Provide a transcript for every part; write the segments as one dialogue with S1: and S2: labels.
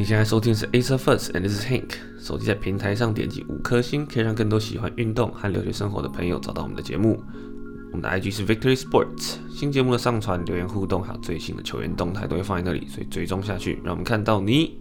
S1: 你現在收聽的是、It's、Asia First，and this is Hank。手機在平台上點擊五顆星，可以讓更多喜歡運動和留學生活的朋友找到我們的節目。我們的 IG 是 Victory Sports。新節目的上傳、留言互動還有最新的球員動態都會放在那裡，所以追蹤下去，讓我們看到你。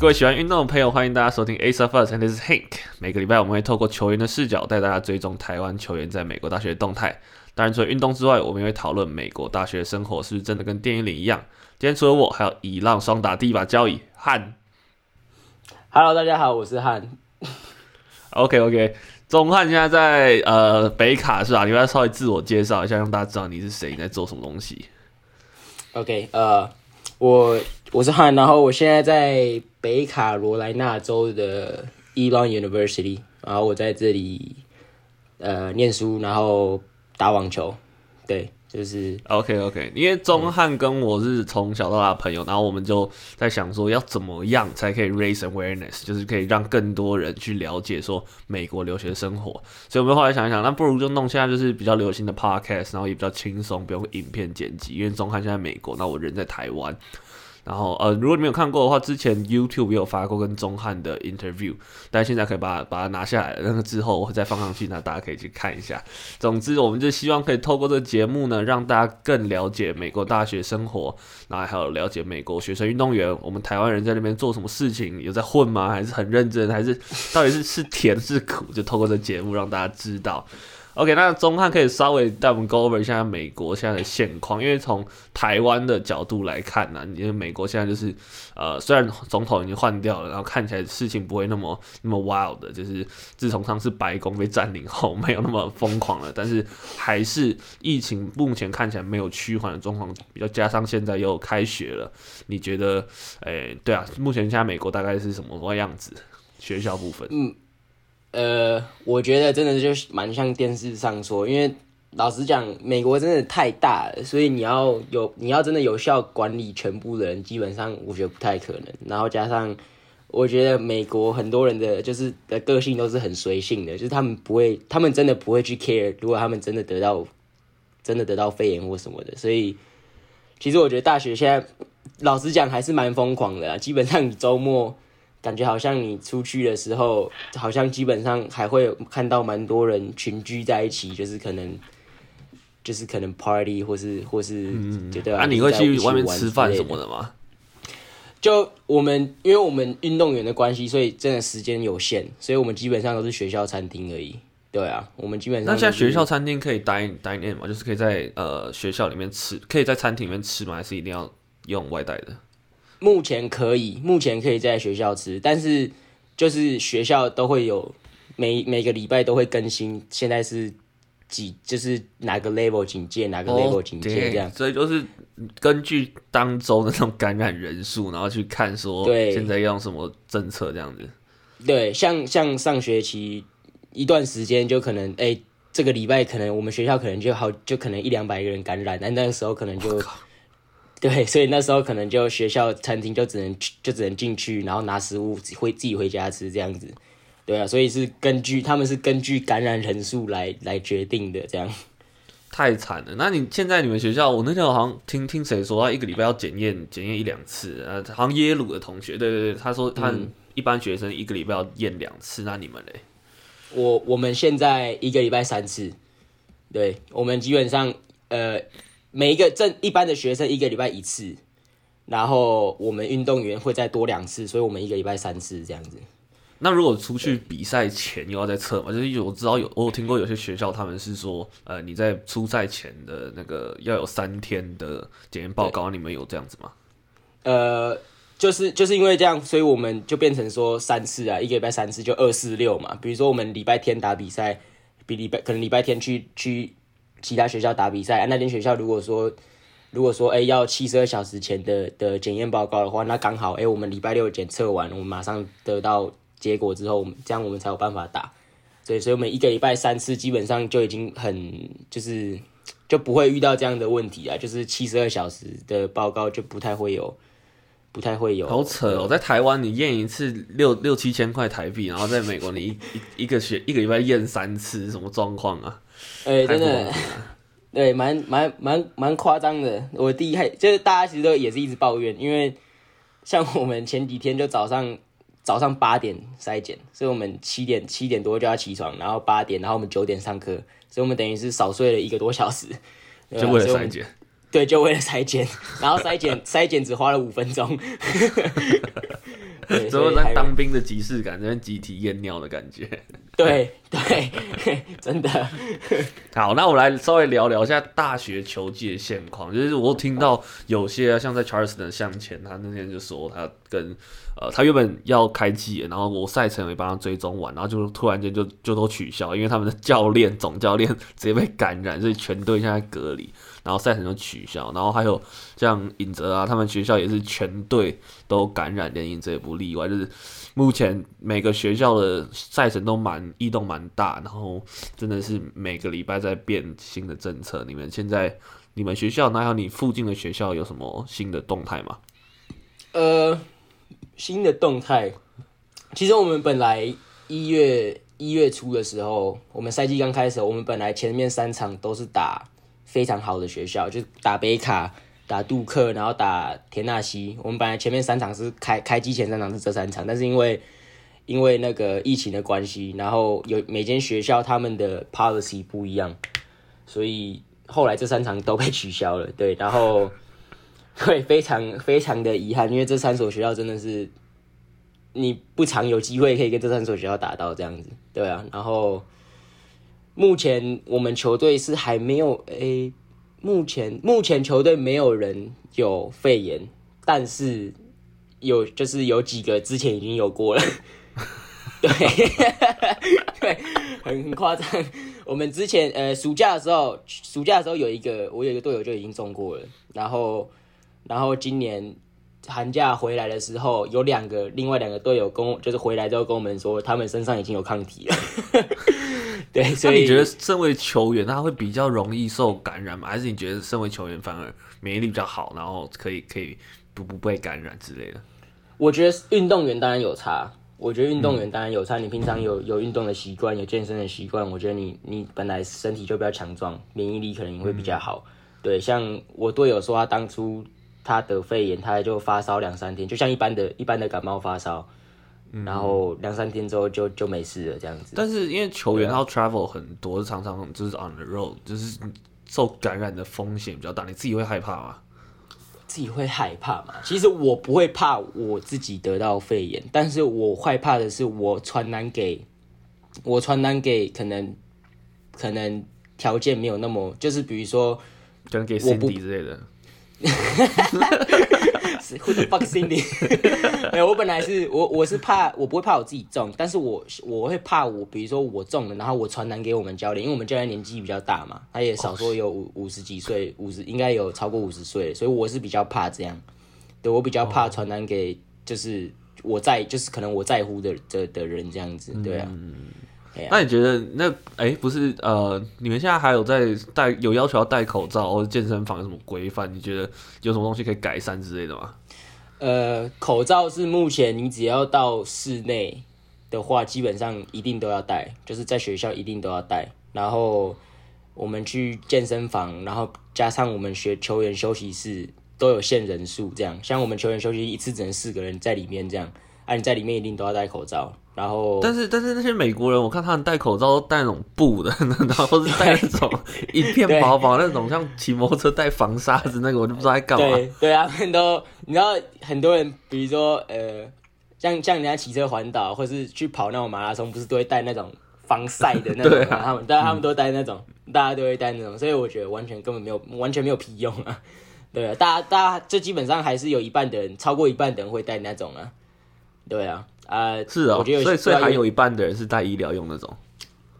S1: 各位喜歡運動的朋友，歡迎大家收聽《A So First》，and this is Hank。每個禮拜我們會透過球員的視角，帶大家追蹤台灣球員在美國大學的動態。當然，除了運動之外，我們也會討論美國大學生活是不是真的跟電影裡一樣。今天除了我，還有以浪雙打第一把交椅翰。
S2: Hello，大家好，我是翰。
S1: OK，OK，宗翰現在在呃北卡是吧，啊？你要不要稍微自我介紹一下，讓大家知道你是誰，你在做什麼東西。
S2: OK，呃、uh，我我是翰，然後我現在在。北卡羅來納州的 Elon University，然後我在這裡，呃，念書，然後打網球。對，就是
S1: OK OK。因為宗翰跟我是從小到大的朋友，嗯，然後我們就在想說，要怎麼樣才可以 raise awareness，就是可以讓更多人去了解說美國留學生活。所以我們後來想一想，那不如就弄現在就是比較流行的 podcast，然後也比較輕鬆，不用影片剪輯。因為宗翰現在美國，那我人在台灣。然後，呃，如果你沒有看過的話，之前 YouTube 也有發過跟宗翰的 interview，但是現在可以把把它拿下來，那個之後我會再放上去，那大家可以去看一下。總之，我們就希望可以透過這個節目呢，讓大家更了解美國大學生活，然後還有了解美國學生運動員，我們台灣人在那邊做什麼事情，有在混嗎？還是很認真？還是到底是是甜是苦？就透過這個節目讓大家知道。OK，那宗翰可以稍微帶我們 go over 現在美國現在的現況，因為從台灣的角度來看呢，啊，因為美國現在就是呃，雖然總統已經換掉了，然後看起來事情不會那麼那麼 wild 的，就是自從上次白宮被佔領後沒有那麼瘋狂了，但是還是疫情目前看起來沒有趨緩的狀況，比較加上現在又開學了，你覺得，誒、欸，對啊，目前現在美國大概是什麼樣子？學校部分，嗯
S2: 呃，我覺得真的就蠻像電視上說，因為老實講，美國真的太大了，所以你要有你要真的有效管理全部的人，基本上我覺得不太可能。然後加上，我覺得美國很多人的就是的個性都是很隨性的，就是他們不會，他們真的不會去 care，如果他們真的得到真的得到肺炎或什麼的，所以其實我覺得大學現在老實講還是蠻瘋狂的啦，基本上周末。感覺好像你出去的時候，好像基本上還會有看到蠻多人群居在一起，就是可能，就是可能 party 或
S1: 是或是，嗯，對啊，啊你會去外面吃飯什麼的嗎？
S2: 就我們，因為我們運動員的關係，所以真的時間有限，所以我們基本上都是學校餐廳而已。對啊，我們基本上、就是、那在學校
S1: 餐廳可以 dine dine in 嗎？就是可以在呃學校裡面吃，可以在餐廳裡面吃嗎？還是一定要用外帶的？
S2: 目前可以，目前可以在學校吃，但是就是學校都會有每每個禮拜都會更新。現在是幾，就是哪個 level 警戒，哪個 level 警戒這樣，oh。
S1: 所以就是根據當周的那種感染人數，然後去看說，對，現在用什麼政策這樣子。
S2: 對，對像像上學期一段時間，就可能哎，這個禮拜可能我們學校可能就好，就可能一兩百個人感染，但那個時候可能就。Oh, 對，所以那時候可能就學校餐廳就只能就只能進去，然後拿食物自己回自己回家吃這樣子。對啊，所以是根據他們是
S1: 根據感染人數來來決定的這樣。太慘了！那你現在你們學校，我那天好像聽聽誰說，他一個禮拜要檢驗檢驗一兩次啊？好像耶魯的同學，對對對，他說他一般學生一個禮拜要驗兩次。那你們嘞？
S2: 我我們現在一個禮拜三次，對，我們基本上呃。每一個正一般的學生一個禮拜一次，然後我們運動員會再多兩次，所以我們一個禮拜三次這樣子。
S1: 那如果出去比賽前又要再測嗎？就是我知道有我有聽過有些學校他們是說，呃，你在出賽前的那個要有三天的檢驗報告，你們有這樣子嗎？呃，就是就
S2: 是因為這樣，所以我們就變成說三次啊，一個禮拜三次就二四六嘛。比如說我們禮拜天打比賽，比禮拜可能禮拜天去去其他學校打比賽，啊、那間學校如果說，如果說、欸、要七十二小時前的的檢驗報告的話，那剛好哎、欸、我們禮拜六檢測完，我們馬上得到結果之後，我們這樣我們才有辦法打。對，所以，所以我們一個禮拜三次，基本上就已經很就是就不會遇到這樣的問題啊，就是七十二小時的報告就不太會有，不太會有。好
S1: 扯哦，在台灣你驗一次六六七千塊台幣，然後在美國你一 一個學一個禮拜驗三次，什麼狀況啊？哎、欸，真的，
S2: 啊、對，蠻蠻蠻蠻誇張的。我第一開就是大家其實都也是一直抱怨，因為像我們前幾天就早上早上八點篩檢，所以我們七點七點多就要起床，然後八點，然後我們九點上課，所以我們等於是少睡了一個多小時。對啊、就為了篩
S1: 檢，對，就為了篩檢，
S2: 然後篩檢篩檢只花了五分鐘。哈哈哈哈哈。所以在當
S1: 兵的即視感，那集體驗尿的感覺。對。 對， 真的 好，那我來稍微聊聊一下大學球季的現況。就是我有聽到有些像在 Charleston 的向前，他那天就說他跟呃，他原本要開機，然後我賽程也幫他追蹤完，然後就突然間就就都取消，因為他們的教練總教練直接被感染，所以全隊現在隔離，然後賽程就取消。然後還有像尹澤啊，他們學校也是全隊都感染，連尹澤也不例外。就是目前每個學校的賽程都蠻異動蠻。很大，然後真的是每個禮拜在變新的政策。你們現在，你們學校，哪有你附近的學校有什麼新的動態嗎？呃，
S2: 新的動態，其實我們本來一月一月初的時候，我們賽季剛開始，我們本來前面三場都是打非常好的學校，就是打北卡、打杜克，然後打田納西。我們本來前面三場是開開機前三場是這三場，但是因為因為那個疫情的關係，然後有每間學校他們的 policy 不一樣，所以後來這三場都被取消了。對，然後會非常非常的遺憾，因為這三所學校真的是你不常有機會可以跟這三所學校打到這樣子，對啊。然後目前我們球隊是還沒有，誒，目前目前球隊沒有人有肺炎，但是有就是有幾個之前已經有過了。對， 對，很很誇張。我們之前呃，暑假的時候，暑假的時候有一個，我有一個隊友就已經中過了。然後，然後今年寒假回來的時候，有兩個，另外兩個隊友跟就是回來之後跟我們說，他們身上已經有抗體了。
S1: 對，所以你覺得身為球員，他會比較容易受感染嗎？還是你覺得身為球員反而免疫力比較好，然後可以可以不不被感染之類的？ 我
S2: 覺得運動員當然有差。我覺得運動員當然有差，你平常有有運動的習慣，有健身的習慣，我覺得你你本來身體就比較強壯，免疫力可能也會比較好。嗯、對，像我隊友說，他當初他得肺炎，他就發燒兩三天，就像一般的一般的感冒發燒，嗯，然後兩三天之後就就沒事了這樣子。
S1: 但是因為球員他 travel 很多，常常就是 on the road，就是受感染的風險比較大，你自己會害怕嗎？
S2: 自己會害怕嗎？其實我不會怕我自己得到肺炎，但是我害怕的是我傳染給我傳染給可能可能條件沒有那麼，就是比如說傳染給 Cindy 之類的。 是 ，who the fuck is 沒有，我本來是我，我是怕，我不會怕我自己中，但是我我會怕我，比如說我中了，然後我傳染給我們教練，因為我們教練年紀比較大嘛，他也少說有五、oh. 五十幾歲，五十應該有超過五十歲，所以我是比較怕這樣。對，我比較怕傳染給，就是我在，就是可能我在乎的的的人這樣子，對啊。Mm -hmm.
S1: 那你覺得那哎、欸、不是呃，你們現在還有在戴，有要求要戴口罩，或者健身房有什麼規範？你覺得有什麼東西可以改善之類的嗎？呃，口罩是
S2: 目前你只要到室內的話，基本上一定都要戴，就是在學校一定都要戴。然後我們去健身房，然後加上我們學球員休息室都有限人數，這樣像我們球員休息室一次只能四個人在裡面這樣。啊、你在裡面一定都要戴口罩，然後但
S1: 是但是那些美國人，我看他們戴口罩都戴那種布的，然後或是戴那種一片薄薄那種， 那種像騎摩托車戴防沙子那個，我就不知道在幹嘛。
S2: 對啊，他們都你知道，很多人比如說呃，像像人家騎車環島或是去跑那種馬拉松，不是都會戴那種防曬的那種嘛？他們、啊、但他們都戴那種、嗯，大家都會戴那種，所以我覺得完全根本沒有完全沒有屁用啊！對啊，大家大家這基本上還是有一半的人，超過一半的人會戴那種啊。對啊，呃，是哦、啊，所以所以還有一
S1: 半的人是帶醫療用那種，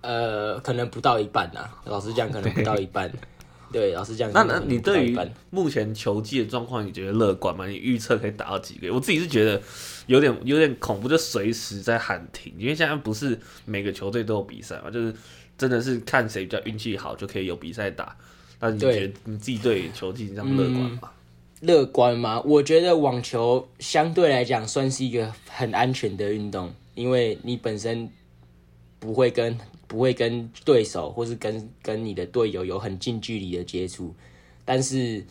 S2: 呃，可能不到一半吶、啊。老實講可能不到一半，okay. 對，老實講。那那你對於
S1: 目前球季的狀況，你覺得樂觀嗎？你預測可以打到幾個？我自己是覺得有點有點恐怖，就隨時在喊停，因為現在不是每個球隊都有比賽嘛，就是真的是看誰比較運氣好就可以有比賽打。那你覺得你自己對球季這樣樂觀嗎？
S2: 樂觀嗎？我覺得網球相對來講算是一個很安全的運動，因為你本身不會跟不會跟對手或是跟跟你的隊友有很近距離的接觸。但是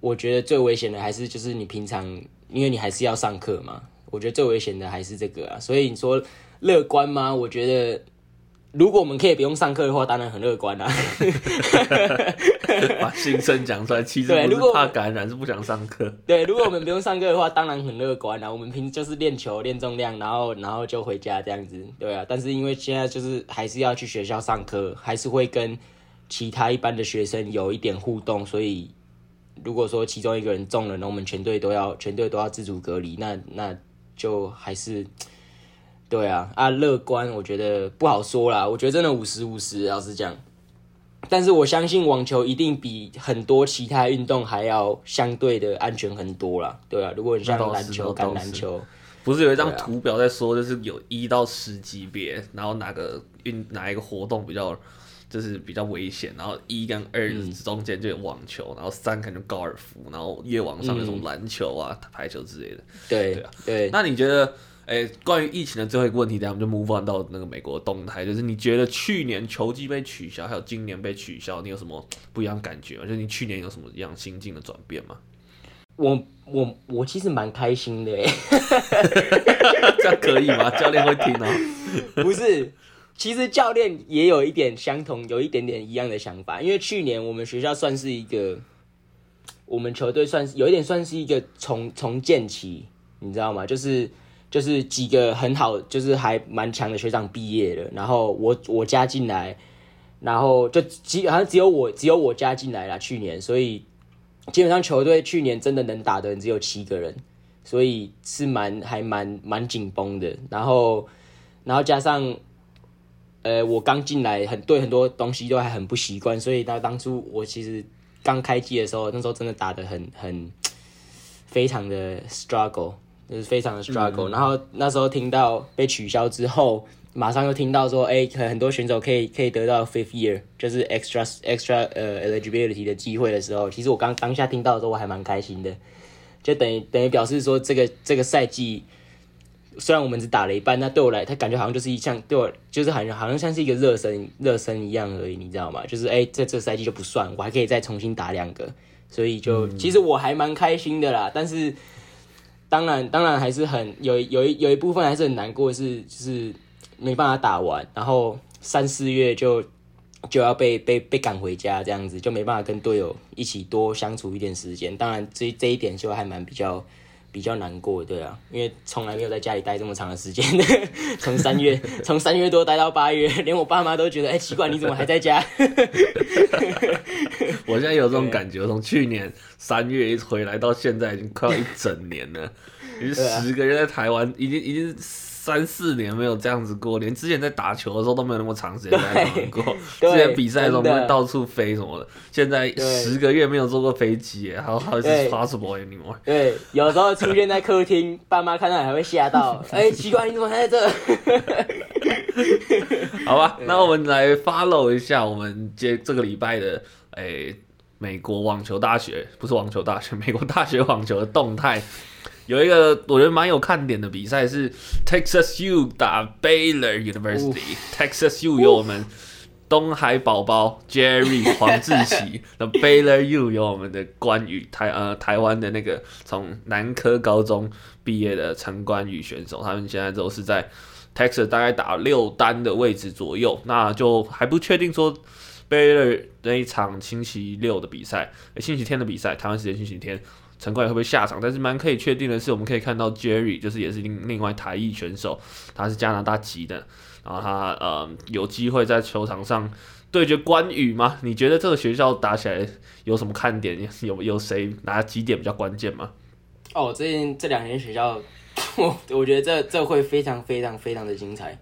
S2: 我覺得最危險的還是就是你平常，因為你還是要上課嘛。我覺得最危險的還是這個啊。所以你說樂觀嗎？我覺得。如果我們可以不用上課的話，當然很樂觀啦、啊。
S1: 把心聲講出來，其實不是怕感染，是不想上課。
S2: 對，如果我們不用上課的話， 當然很樂觀啊，我們平時就是練球、練重量，然後然後就回家這樣子。對啊，但是因為現在就是還是要去學校上課，還是會跟其他一般的學生有一點互動。所以如果說其中一個人中了，那我們全隊都要全隊都要自主隔離。那那就還是。對啊，啊，樂觀，我覺得不好說啦。我覺得真的五十五十，老實講。但是我相信網球一定比很多其他運動還要相對的安全很多啦。對
S1: 啊，如果你像籃球、橄欖球、打籃球，不是有一張圖表在說，就是有一到十級別、啊，然後哪個運哪一個活動比較就是比較危險，然後一跟二中間就有網球，然後三可能高爾夫，然後越往上那種籃球啊、嗯、排球之類的。對對啊，對。那你覺得？哎，關於疫情的最後一個問題，等下我們就 move on 到那個美國動態。就是你覺得去年球季被取消，還有今年被取消，你有什麼不一樣感覺？而且你去年有什麼樣心境的轉變嗎？
S2: 我我我其實蠻開心的，
S1: 這樣可以嗎？ 教練會聽嗎？不是，其實
S2: 教練也有一點相同，有一點點一樣的想法。因為去年我們學校算是一個，我們球隊算是有一點算是一個重重建期，你知道嗎？就是。就是幾個很好，就是還蠻強的學長畢業了，然後我我加進來，然後就幾好像只有我只有我加進來了去年，所以基本上球隊去年真的能打的人只有七個人，所以是蠻還蠻蠻緊繃的。然後然後加上，呃，我剛進來很，很對很多東西都還很不習慣，所以到當初我其實剛開季的時候，那時候真的打得很很非常的 struggle。就是非常的 struggle，、嗯、然後那時候聽到被取消之後，馬上又聽到說，哎，很多選手可以可以得到 fifth year，就是 extra extra 呃、uh, eligibility 的機會的時候，其實我剛當下聽到的時候，我還蠻開心的，就等於等於表示說，這個這個賽季雖然我們只打了一半，那對我來，他感覺好像就是一項對我，就是好像好像像是一個熱身熱身一樣而已，你知道嗎？就是哎，在這個賽季就不算，我還可以再重新打兩個，所以就、嗯、其實我還蠻開心的啦，但是。當然，當然還是很有有一有一部分還是很難過是，是就是沒辦法打完，然後三四月就就要被被被趕回家，這樣子就沒辦法跟隊友一起多相處一點時間。當然，這這一點就還蠻比較。比較難過，對啊，因為從來沒有在家裡待這麼長的時間，從 三月從三 月多待到八月，連我爸媽都覺得，哎、欸，奇怪，你怎麼還在家？
S1: 我現在有這種感覺，從去年三月一回來到現在已經快要一整年了，十 個月在台灣， 已經已經。三四年沒有這樣子過，連之前在打球的時候都沒有那麼長時間在打過。之前比賽的時候，我們到處飛什麼的，的，現在十個月沒有坐過飛機，哎，好好像是 possible anymore 對，有
S2: 時候出現在客廳， 爸媽看到你還會嚇到。哎、 欸，奇怪，你怎麼還在這
S1: 兒？ 好吧，那我們來 follow 一下我們接這個禮拜的哎、欸，美國網球大學不是網球大學，美國大學網球的動態。有一個我覺得蠻有看點的比賽是 Texas U 打 Baylor University，哦。Texas U 有我們東海寶寶，哦、Jerry 黃志奇，那 Baylor U 有我們的關羽台呃台灣的那個從南科高中畢業的陳關宇選手，他們現在都是在 Texas 大概打六單的位置左右，那就還不確定說 Baylor 那一場星期六的比賽，星期天的比賽，台灣時間星期天。陳冠宇會不會下場？但是蠻可以確定的是，我們可以看到 Jerry 就是也是另另外台裔選手，他是加拿大籍的，然後他呃有機會在球場上對決關羽嗎？你覺得這個學校打起來有什麼看點？有有誰哪幾點比較關鍵嗎？
S2: 哦，最近這兩間學校，我我覺得這這會非常非常非常的精彩，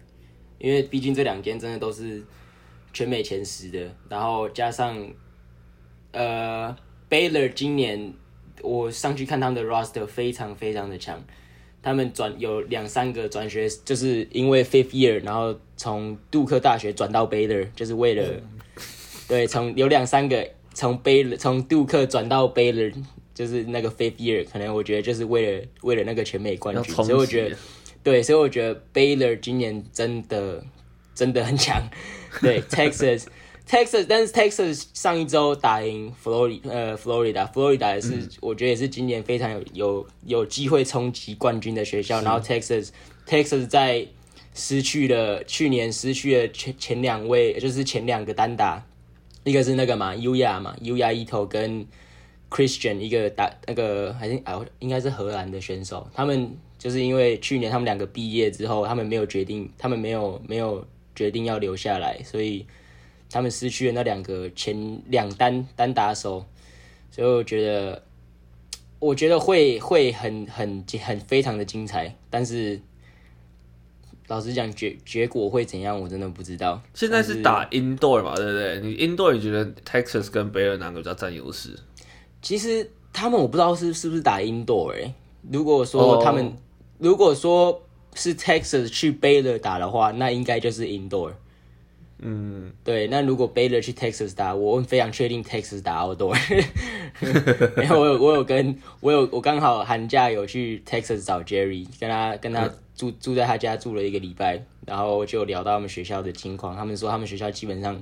S2: 因為畢竟這兩間真的都是全美前十的，然後加上呃 Baylor 今年。我上去看他們的 roster，非常非常的強。他們轉有兩三個轉學，就是因為 fifth year，然後從杜克大學轉到 Baylor，就是為了、嗯、對，從有兩三個從 Baylor 從杜克轉到 Baylor，就是那個 fifth year，可能我覺得就是為了為了那個全美冠軍，所以我覺得對，所以我覺得 Baylor 今年真的真的很強，對 Texas。 Texas，但是 Texas 上一周打贏 Florida，呃、Florida、Florida 也是、嗯、我覺得也是今年非常有有有機會衝擊冠軍的學校。然後 Texas，Texas Texas 在失去了去年失去了前前兩位，就是前兩個單打，一個是那個嘛，Yuya 嘛，Yuya Ito 跟 Christian 一個打那個還是哎，應該是荷蘭的選手。他們就是因為去年他們兩個畢業之後，他們沒有決定，他們沒有沒有決定要留下來，所以。他們失去了那兩個前兩單單打手，所以我覺得，我覺得會會很很很非常的精彩。但是，老實講，結結果會怎樣，我真的不知道。
S1: 現在是打 indoor 嘛，對不對？你 indoor，你覺得 Texas 跟 Baylor 哪個比較占優勢？
S2: 其實他們我不知道是是不是打 indoor 哎、欸。如果說他們，Oh. 如果說是 Texas 去 Baylor 打的話，那應該就是 indoor。嗯，對，那如果 Baylor 去 Texas 打，我非常確定 Texas 打 Outdoor，因為 我有我有跟我有我剛好寒假有去 Texas 找 Jerry，跟他跟他住住在他家住了一個禮拜，然後就聊到他們學校的情況。他們說他們學校基本上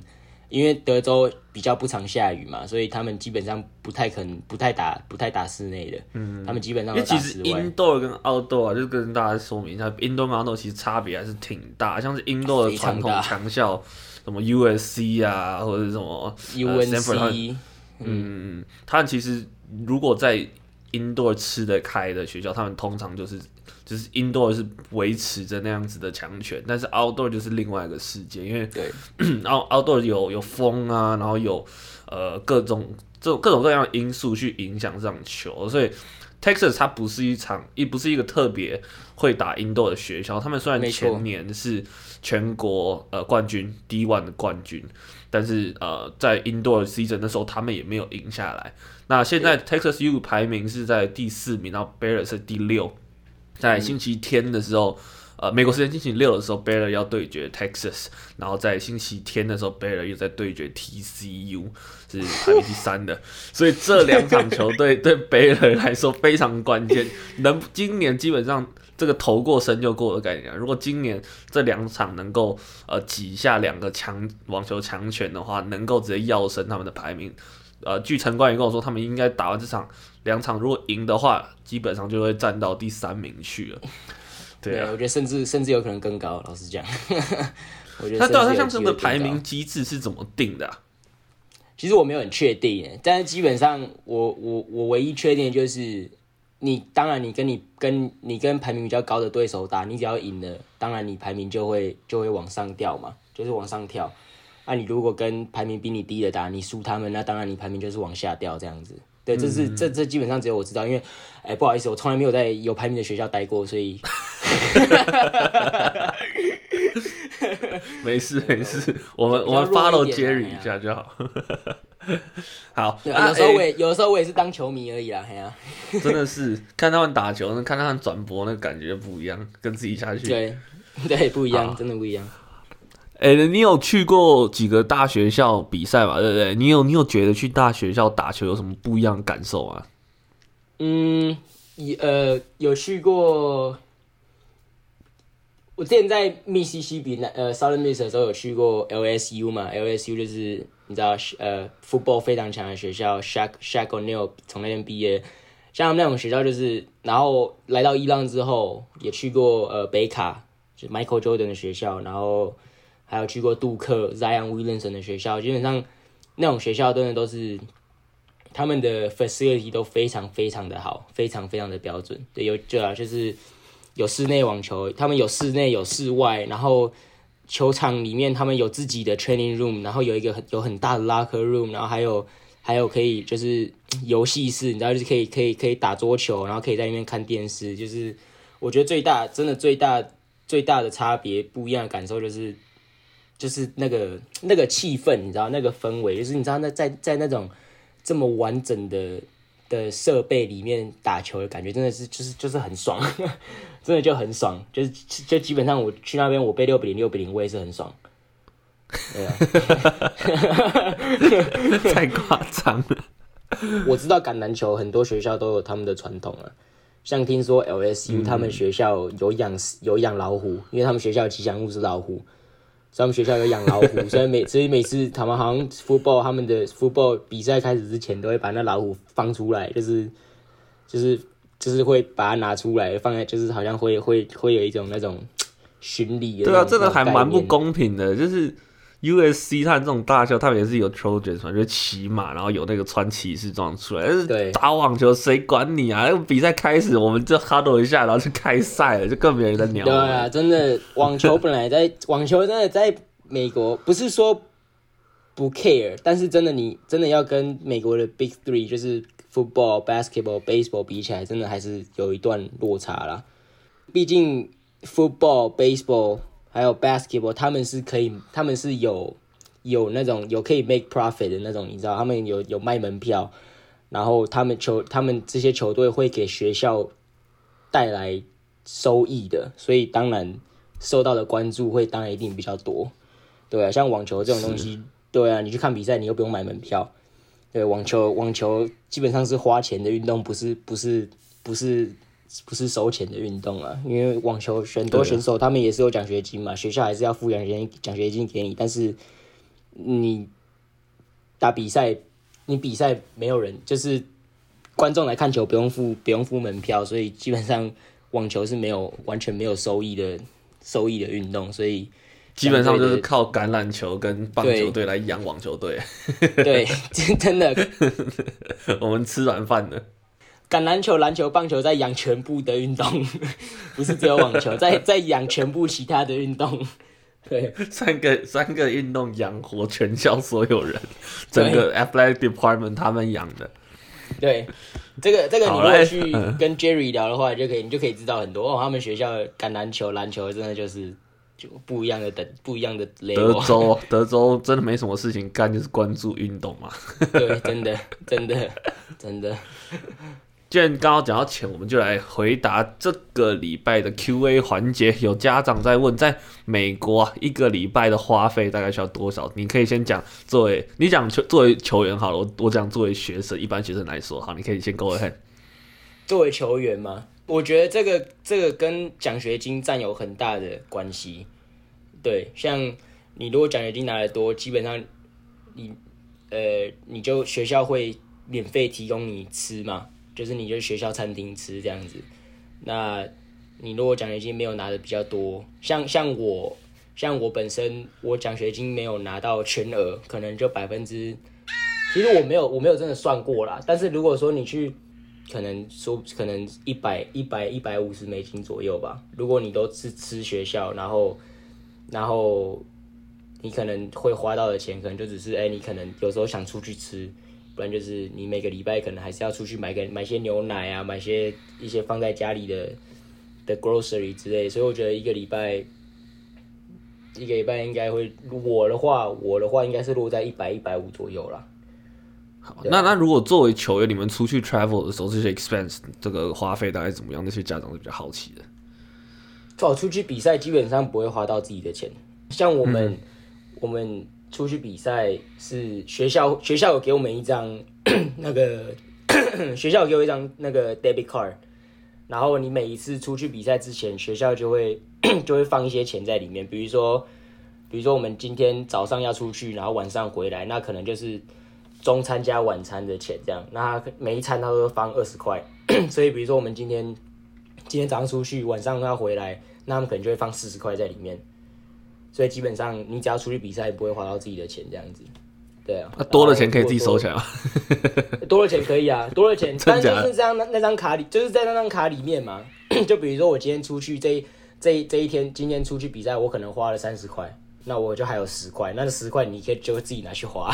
S2: 因為德州比較不常下雨嘛，所以他們基本上不太可能不太打不太打室內的，嗯，
S1: 他們基本上打室外。因為其實 Indoor 跟 Outdoor 啊，就跟大家說明一下，Indoor 跟 Outdoor 其實差別還是挺大，像是 Indoor 的傳統強校。什麼 USC 啊，或者什麼 UNC，呃，嗯，他其實如果在 indoor 吃得開的學校，他們通常就是就是 indoor 是維持着那樣子的強權，但是 outdoor 就是另外一個世界，因為對，然後 outdoor 有有風啊，然後有呃各種這各種各樣的因素去影響這種球，所以。Texas 它不是一場，也不是一個特別會打 indoor 的學校。他們雖然前年是全國呃冠軍，D1 的冠軍，但是呃在 indoor season 那時候他們也沒有贏下來。那現在 Texas U 排名是在第四名，然後 Baylor 是第六。在星期天的時候。嗯呃，美國時間星期六的時候，Bay lor 要對決 Texas，然後在星期天的時候，Baylor 又在對決 TCU，是排名第三的，所以這兩場球隊對 Baylor 來說非常關鍵。 能今年基本上這個頭過身就過的概念，啊，如果今年這兩場能夠呃擠下兩個強網球強權的話，能夠直接躍升他們的排名。呃，據陳冠宇跟我說，他們應該打完這場兩場，如果贏的話，基本上就會站到第三名去了。
S2: 對、啊對啊、我覺得甚至甚至有可能更高。老實講。 我覺得底它、啊、它像這樣的
S1: 排名機制是怎麼定的、啊？
S2: 其實我沒有很確定耶，但是基本上我我我唯一確定的就是你，你當然你跟你跟你你跟排名比較高的對手打，你只要贏了，當然你排名就會就會往上掉嘛，就是往上跳。那、啊、你如果跟排名比你低的打，你輸他們，那當然你排名就是往下掉這樣子。對，這是、嗯、這這基本上只有我知道，因為，哎，不好意思，我從來沒有在有排名的學校待過，所以，沒 事
S1: 沒事，沒事嗯、我們我們 follow Jerry 一下，一下就好。 好、啊，有時候我也、欸、有
S2: 時候我也是當球迷而已啦，啊、
S1: 真的是看他們打球，看，看他們轉播那感覺不一樣，跟自己下去，對對，不一樣，真的不一樣。哎、欸，你有去過幾個大學校比賽嘛？對不對？你有你有覺得去大學校打球有什麼不一樣的感受啊？嗯，
S2: 一呃，有去過。我之前在密西西比南呃 Southern Miss 的時候有去過 LSU 嘛？LSU 就是你知道呃，football 非常強的學校，Shaq Shaq O'Neal 從那邊畢業。像他們那種學校，就是然後來到 Elon 之後也去過呃北卡，就 Michael Jordan 的學校，然後。還有去過杜克、Zion Williamson 的學校，基本上那種學校真的都是他們的 facility 都非常非常的好，非常非常的標準。對，有這啊，就是有室內網球，他們有室內有室外，然後球場裡面他們有自己的 training room，然後有一個很有很大的 locker room，然後還有還有可以就是遊戲室，你知道，就是可以可以可以打桌球，然後可以在裡面看電視。就是我覺得最大真的最大最大的差別不一樣的感受就是。就是那個那個氣氛，你知道那個氛圍，就是你知道那在在那種這麼完整的的設備裡面打球的感覺，真的是就是就是很爽， 真的就很爽，就是就基本上我去那邊，我背六比零六比零，我也是很爽。對啊、 太
S1: 誇張張了！ 我
S2: 知道橄欖球很多學校都有他們的傳統了、啊，像聽說 LSU 他們學校有養、嗯、有養老虎，因為他們學校吉祥物是老虎。在 我們學校有養老虎，所以每所以每次他們好像 football 他們的 football 比賽開始之前，都會把那老虎放出來，就是就是就是會把它拿出來放在，就是好像會會會有一種那種
S1: 巡禮的，的。對啊，這個還蠻不公平的，就是。USC 他們這種大校，他們也是有 Trojans，就是騎馬，然後有那個穿騎士裝出來，但是打網球誰管你啊？那個，比賽開始我們就 huddle 一下，然後就開賽了，就更沒人在鳥。對啊，
S2: 真的網球本來在 網球真的在美國不是說不 care，但是真的你真的要跟美國的 big three，就是 football、basketball、baseball 比起來，真的還是有一段落差啦。畢竟 football、baseball。還有 basketball，他們是可以，他們是有有那種有可以 make profit 的那種，你知道，他們有有賣門票，然後他們球，他們這些球隊會給學校帶來收益的，所以當然受到的關注會當然一定比較多。對啊，像網球這種東西，對啊，你去看比賽，你又不用買門票。對，網球，網球基本上是花錢的運動，不是，不是，不是。不是收錢的運動啊，因為網球選手，啊、多選手他們也是有獎學金嘛，學校還是要付獎學金、獎學金給你，但是你打比賽，你比賽沒有人，就是觀眾來看球不用付、不用付門票，所以基本上網球是沒有
S1: 完全沒有收益的收益的運動，所以基本上就是靠橄欖球跟棒球隊來養網球隊。對， 對，真的， 我們吃軟飯的。
S2: 橄欖球、籃球、棒球，在養全部的運動，
S1: 不是只有網球， 在
S2: 在養全部其他的運動。
S1: 對，三個三個運動養活全校所有人，整個 athletic department 他們養的。
S2: 對，這個這個你如果去跟 Jerry 聊的話，就可以你就可以知道很多哦。他們學校的橄欖球、籃球真的就是就不一樣的等不一樣的類德州，
S1: 德州真的沒什麼事情幹，就是關注運動嘛、啊。
S2: 對，真的，真的，真的。
S1: 既然剛剛講到錢，我們就來回答這個禮拜的 Q&A 環節。有家長在問，在美國一個禮拜的花費大概需要多少？你可以先講作為你講球作為球員好了，我我講作為學生一般學生來說好，你可以先 Go ahead。
S2: 作為球員嗎？我覺得這個這個跟獎學金占有很大的關係。對，像你如果獎學金拿得多，基本上你呃你就學校會免費提供你吃嘛。就是你就學校餐廳吃這樣子，那你如果獎學金沒有拿的比較多，像像我，像我本身我獎學金沒有拿到全額，可能就百分之，其實我沒有我沒有真的算過啦，但是如果說你去，可能說可能一百一百一百五十美金左右吧，如果你都是吃學校，然後然後你可能會花到的錢，可能就只是哎、欸，你可能有時候想出去吃。不然就是你每個禮拜可能還是要出去買個買些牛奶啊，買些一些放在家裡的的 grocery 之類。所以我覺得一個禮拜一個禮拜應該會，我的話我的話應該是落在一百一百五左右啦。
S1: 好，那那如果作為球員，你們出去 travel 的時候這些 expense 這個花費大概怎麼樣？那些家長是比較好奇的。
S2: 我出去比賽基本上不會花到自己的錢，像我們、嗯、我們。出去比賽是學校，學校有給我們一張那個，呵呵，學校有給我一張那個 debit card，然後你每一次出去比賽之前，學校就會就會放一些錢在裡面，比如說比如說我們今天早上要出去，然後晚上回來，那可能就是中餐加晚餐的錢這樣，那每一餐他都放二十塊，所以比如說我們今天今天早上出去，晚上他回來，那他們可能就會放四十塊在裡面。所以基本上，你只要出去比賽，不會花到自己的錢這樣子，對啊。那、
S1: 啊、多的錢可以自己收起來。多
S2: 的，啊、 多的錢可以啊，多的錢，的但是就是這樣，那那張卡裡就是在那張卡裡面嘛。 就比如說，我今天出去這這一這一天，今天出去比賽，我可能花了三十塊。那我就還有十塊，那個十塊你可以就自己拿去花，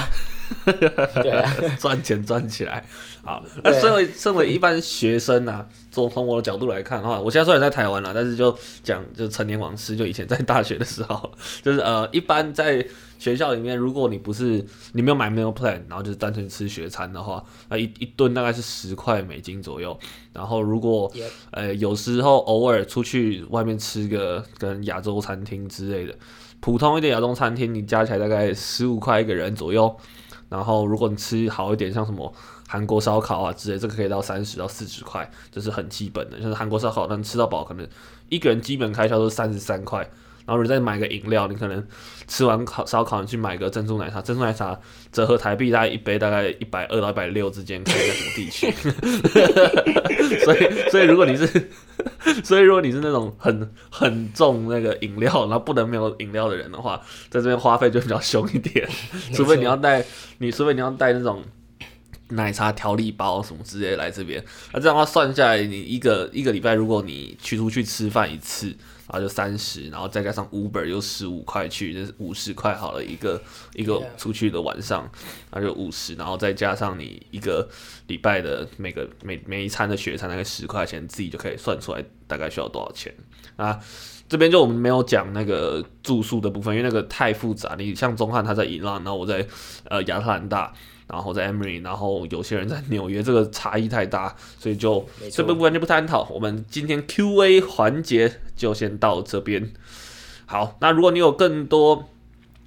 S1: 對、啊，賺 錢賺起來。好，那身為身為一般學生啊，從 從我的角度來看的話，我現在雖然在台灣了、啊，但是就講就陳年往事，就以前在大學的時候，就是呃，一般在學校裡面，如果你不是你沒有買 meal plan，然後就是單純吃學餐的話，那一一頓大概是十塊美金左右。然後如果，yep. 呃有時候偶爾出去外面吃個跟亞洲餐廳之類的，普通一點中餐廳，你加起來大概十五塊一個人左右。然後，如果你吃好一點，像什麼韓國燒烤啊之類，這個可以到三十到四十塊，這、就是很基本的。像是韓國燒烤，能吃到飽，可能一個人基本開銷都三十三塊。然後，你再買個飲料，你可能吃完烤燒烤，你去買個珍珠奶茶，珍珠奶茶折合台幣大概一杯大概一百二到一百六之間，看在什麼地區。 所以，所以如果你是。 所以如果你是那種很很重那個飲料，然後不能沒有飲料的人的話，在這邊花費就比較凶一點。除非你要帶，你除非你要帶那種奶茶調理包什麼之類的來這邊，那、啊、這樣的話算下來，你一個一個禮拜，如果你去出去吃飯一次。然後就三十，然後再加上 Uber，又十五塊去，就是五十塊好了。一個一個出去的晚上，那就五十，然後再加上你一個禮拜的每個每每一餐的學餐，大概十塊錢，自己就可以算出來大概需要多少錢啊。這邊就我們沒有講那個住宿的部分，因為那個太複雜。你像宗翰他在伊朗，然後我在呃亞特蘭大。然後在 Emory，然後有些人在紐約，這個差異太大，所以就這部分完全不探討。我們今天 Q&A 環節就先到這邊。好，那如果你有更多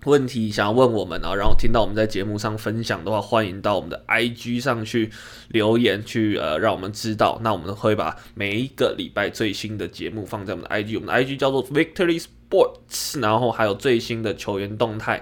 S1: 問題想要問我們啊，然後聽到我們在節目上分享的話，歡迎到我們的 IG 上去留言去呃，讓我們知道。那我們會把每一個禮拜最新的節目放在我們的 IG，我們的 IG 叫做 Victory Sports，然後還有最新的球員動態。